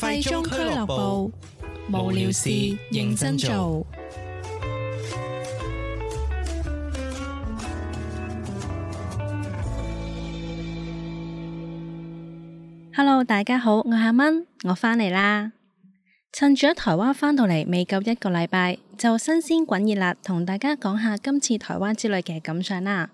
廢中俱樂部，無聊事認真做。Hello，大家好，我係蚊，我返嚟啦。趁住喺台灣返到嚟未夠一個禮拜，就新鮮滾熱辣，同大家講下今次台灣之旅嘅感想啦。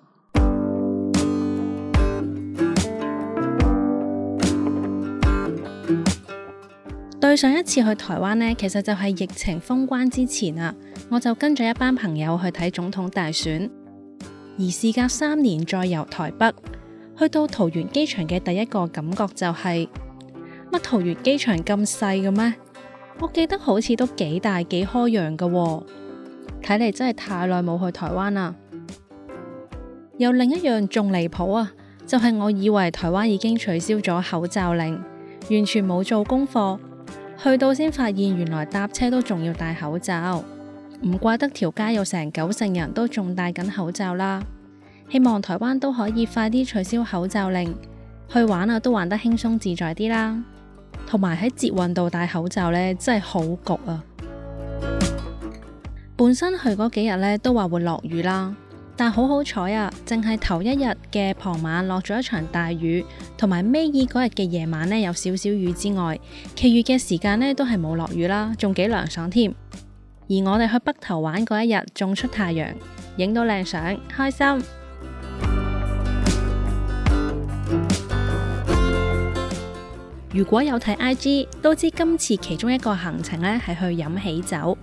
對上一次去台灣呢，其實就係疫情封關之前啊。我就跟咗一班朋友去睇總統大選，而事隔三年再遊台北，去到桃園機場嘅第一個感覺就係、是、乜？桃園機場咁細嘅咩？我記得好似都幾大幾開揚㗎、哦，睇嚟真係太耐冇去台灣啦。又另一樣仲離譜啊，就係、是、我以為台灣已經取消咗口罩令，完全冇做功課。去到先發現，原來搭車都仲要戴口罩，唔怪得條街有成九成人都仲戴緊口罩啦。希望台灣都可以快啲取消口罩令，去玩啊都玩得輕鬆自在啲啦。同埋喺捷運度戴口罩呢，真係好焗啊！本身去嗰幾日呢，都話會落雨啦。但好好彩啊！淨係頭一日嘅傍晚落咗一場大雨，同埋尾二嗰日嘅夜晚咧有少少雨之外，其餘嘅時間咧都係冇落雨啦，仲幾涼爽添。而我哋去北投玩嗰一日仲出太陽，影到靚相，開心。 如果有睇 IG 都知，今次其中一個行程咧係去飲喜酒。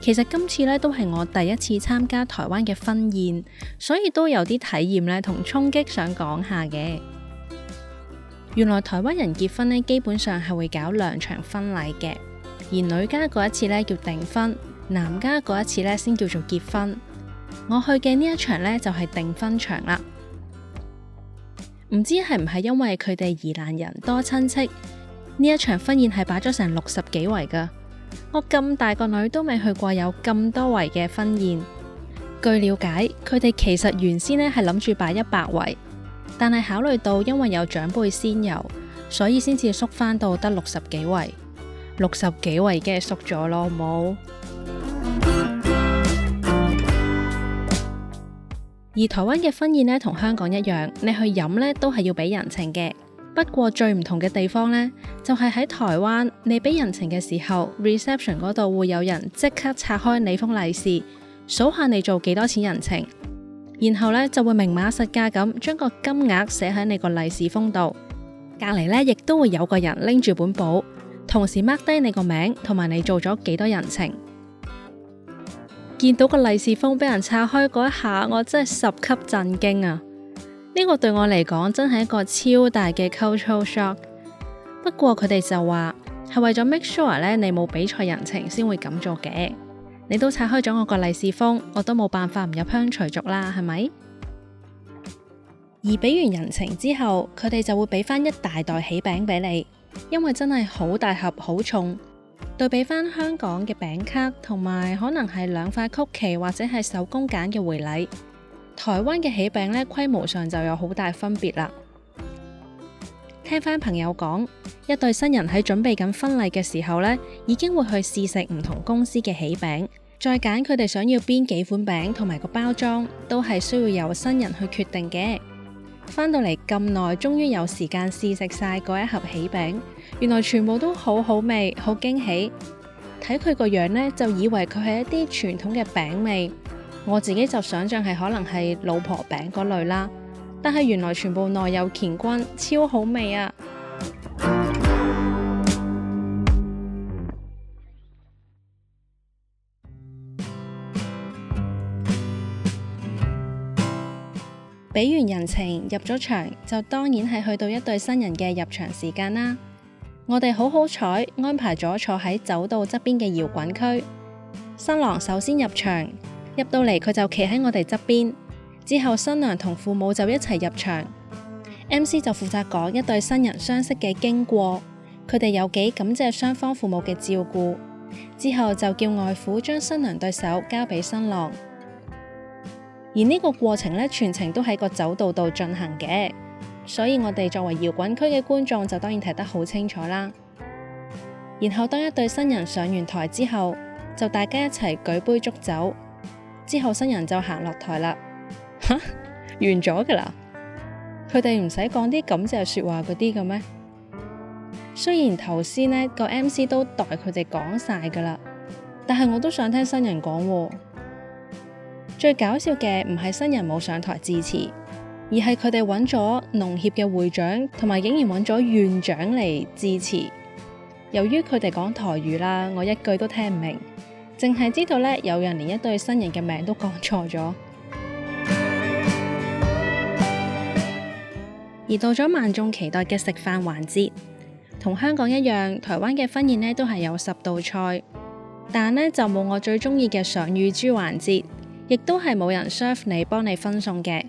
其實今次咧都係我第一次參加台灣嘅婚宴，所以都有啲體驗咧同衝擊想講下嘅。原來台灣人結婚咧，基本上係會搞兩場婚禮嘅，而女家嗰一次咧叫訂婚，男家嗰一次咧先叫做結婚。我去嘅呢一場咧就係、是、訂婚場啦。唔知係唔係因為佢哋宜蘭人多親戚，呢一場婚宴係擺咗成六十幾圍噶。我咁大個女都未去過有咁多圍嘅婚宴。據了解，佢哋其實原先呢係諗住擺一百圍，但係考慮到因為有長輩仙遊，所以先至縮翻到得六十幾圍。六十幾圍嘅縮咗咯，冇。 而台灣嘅婚宴呢，同香港一樣，你去飲呢都係要俾人情嘅。不過最唔同嘅地方呢，就係喺台灣，你俾人情嘅時候，reception 嗰度會有人即刻拆開你封利是，數下你做幾多錢人情，然後呢，就會明碼實價咁將個金額寫喺你個利是封度，隔籬呢，亦都會有個人拎住本簿，同時 mark 低你個名同埋你做咗幾多人情。見到個利是封俾人拆開嗰一下，我真係十級震驚啊！呢個對我嚟講真係一個超大嘅 cultural shock。不過佢哋就話係為咗 make sure 咧，你冇比賽人情先會咁做嘅。你都拆開咗我個利是封，我都冇辦法唔入鄉隨俗啦，係咪？而俾完人情之後，佢哋就會俾翻一大袋喜餅俾你，因為真係好大盒好重。對比翻香港嘅餅卡同埋，可能係兩塊曲奇或者係手工揀嘅回禮。台灣嘅喜餅咧，規模上就有好大分別啦。聽翻朋友講，一對新人喺準備緊婚禮嘅時候咧，已經會去試食唔同公司嘅喜餅，再揀佢哋想要邊幾款餅同埋個包裝，都係需要由新人去決定嘅。翻到嚟咁耐，終於有時間試食晒嗰一盒喜餅，原來全部都好好味，好驚喜。睇佢個樣咧，就以為佢係一啲傳統嘅餅味。我自己就想象係可能係老婆餅嗰類啦，但係原來全部內有乾坤，超好味啊！俾 完人情入咗場，就當然係去到一對新人嘅入場時間啦。我哋好好彩安排咗坐喺走道側邊嘅搖滾區。新郎首先入場。入到嚟，佢就企喺我哋側邊。之後新娘同父母就一齊入場，MC 就負責講一對新人相識嘅經過，佢哋有幾感謝雙方父母嘅照顧。之後就叫外父將新娘對手交俾新郎。而呢個過程呢，全程都喺個走道度進行嘅，所以我哋作為搖滾區嘅觀眾就當然睇得好清楚啦。然後當一對新人上完台之後，就大家一齊舉杯祝酒。之後新人就行落台啦，嚇、啊、完咗噶啦！佢哋唔使講啲咁嘅説話嗰啲嘅咩？雖然頭先呢個 MC 都代佢哋講晒噶啦，但係我都想聽新人講喎。最搞笑嘅唔係新人冇上台致辭，而係佢哋揾咗農協嘅會長，同埋竟然揾咗院長嚟致辭。由於佢哋講台語啦，我一句都聽唔明。淨係知道咧，有人連一對新人嘅名都講錯咗。而到咗萬眾期待嘅食飯環節，同香港一樣，台灣嘅婚宴咧都係有十道菜，但呢就冇我最中意嘅上乳豬環節，亦都係冇人 serve 你幫你分送嘅，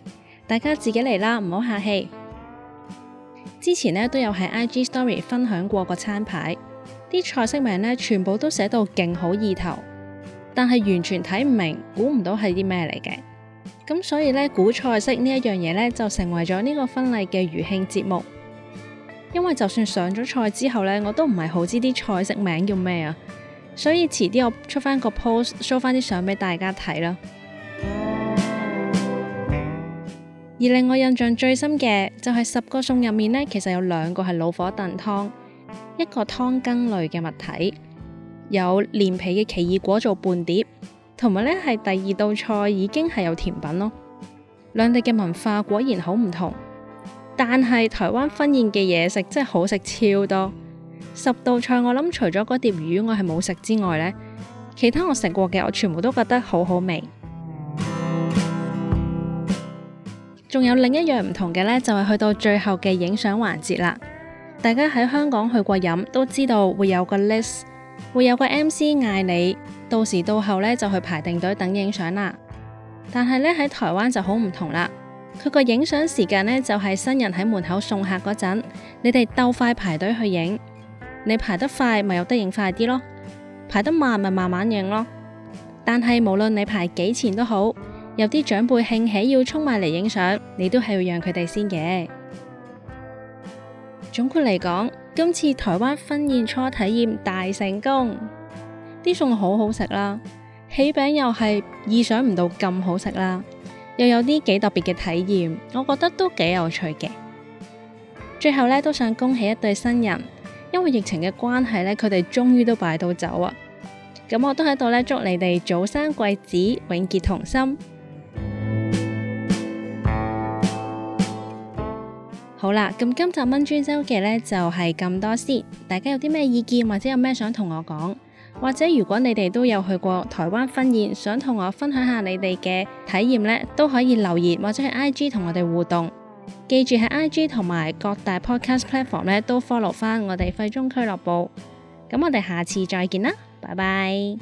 大家自己嚟啦，唔好客氣。之前咧都有喺 IG Story 分享過個餐牌，啲菜式名咧全部都寫到勁好意頭。但係完全睇唔明，估唔到係啲咩嚟嘅，咁所以呢，估菜式呢一樣嘢呢，就成為咗呢個婚禮嘅餘興節目。因為就算上咗菜之後呢，我都唔係好知啲菜式名叫咩啊，所以遲啲我出翻個 post，show 翻啲相俾大家睇啦。 而令我印象最深嘅就係、是、十個餸入面呢，其實有兩個係老火燉湯，一個湯羹類嘅物體。有連皮嘅奇異果做半碟，同埋呢係第二道菜已經係有甜品咯。兩地嘅文化果然好唔同，但係台灣婚宴嘅嘢食真係好食超多十道菜。我諗除咗嗰碟魚我係冇食之外呢其他我食過嘅我全部都覺得好好味。仲 有另一樣唔同嘅呢，就係去到最後嘅影相環節啦。大家喺香港去過飲都知道會有個 list。會有個 MC 嗌你，到時到後咧就去排定隊等影相啦。但係咧喺台灣就好唔同啦，佢個影相時間呢，就係新人喺門口送客嗰陣，你哋鬥快排隊去影，你排得快咪有得影快啲咯，排得慢咪慢慢影咯。但係無論你排幾前都好，有啲長輩興起要衝埋嚟影相，你都係要讓佢哋先嘅。總括嚟講，今次台灣婚宴初體驗大成功，啲餸好好食啦，喜餅又係意想唔到咁好食啦，又有啲幾特別嘅體驗，我覺得都幾有趣嘅。最後呢，都想恭喜一對新人，因為疫情嘅關係，呢佢哋終於都擺到酒啊！咁我都喺度呢，祝你哋早生貴子，永結同心。好啦，咁今集蚊豬週記呢就係咁多先。大家有啲咩意見或者有咩想同我講，或者如果你哋都有去過台灣婚宴，想同我分享下你哋嘅體驗呢，都可以留言或者喺 I G 同我哋互動記住喺 I G 同埋各大 Podcast Platform 呢都 follow 翻我哋廢中俱樂部。咁我哋下次再見啦，拜拜。